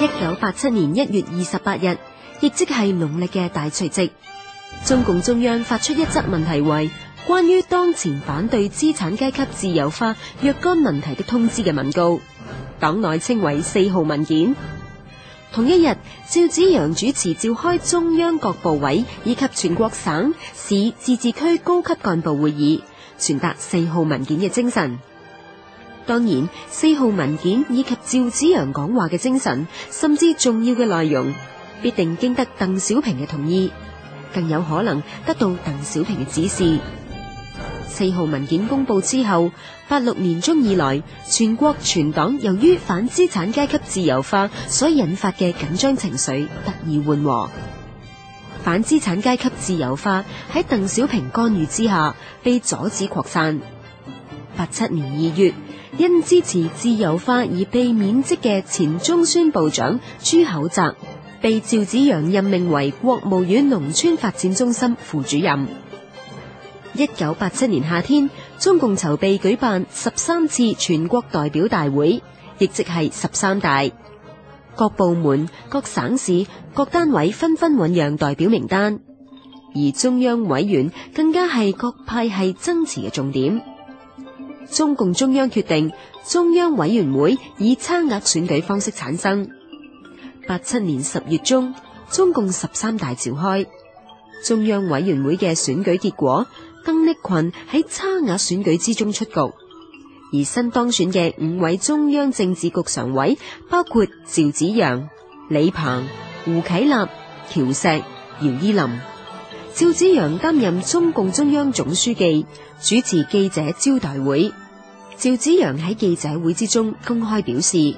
一九八七年一月二十八日，亦即係農曆嘅大除夕，中共中央發出一則問題為關於當前反對資產階級自由化若干問題的通知嘅文告，黨內稱為四號文件。同一日，趙紫陽主持召開中央各部委以及全國省、市、自治區高級幹部會議，傳達四號文件嘅精神。當然，四號文件以及趙紫陽講話嘅精神，甚至重要嘅內容，必定經得鄧小平嘅同意，更有可能得到鄧小平嘅指示。四號文件公布之後，八六年中以來，全國全黨由於反資產階級自由化，所引發嘅緊張情緒，得以緩和。反資產階級自由化喺鄧小平干預之下，被阻止擴散。八七年二月。因支持自由化而被免職嘅前中宣部長朱厚澤，被趙紫陽任命為國務院農村發展中心副主任。一九八七年夏天，中共籌備舉辦十三次全國代表大會，亦即係十三大。各部門、各省市、各單位紛紛醞釀代表名單，而中央委員更加係各派系爭持嘅重點。中共中央決定中央委員會以差額選舉方式產生。八七年十月中，中共十三大召開，中央委員會嘅選舉結果，鄧力群喺差額選舉之中出局，而新當選嘅五位中央政治局常委，包括趙紫陽、李鵬、胡啟立、喬石、姚依林。趙紫陽擔任中共中央總書記，主持記者招待會。趙紫陽喺記者會之中公開表示，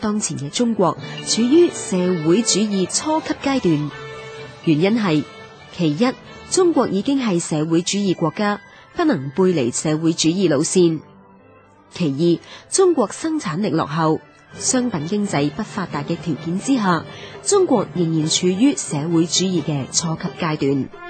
當前嘅中國處於社會主義初級階段，原因係，其一，中國已經係社會主義國家，不能背離社會主義路線。其二，中國生產力落後，商品經濟不發達嘅條件之下，中國仍然處於社會主義嘅初級階段。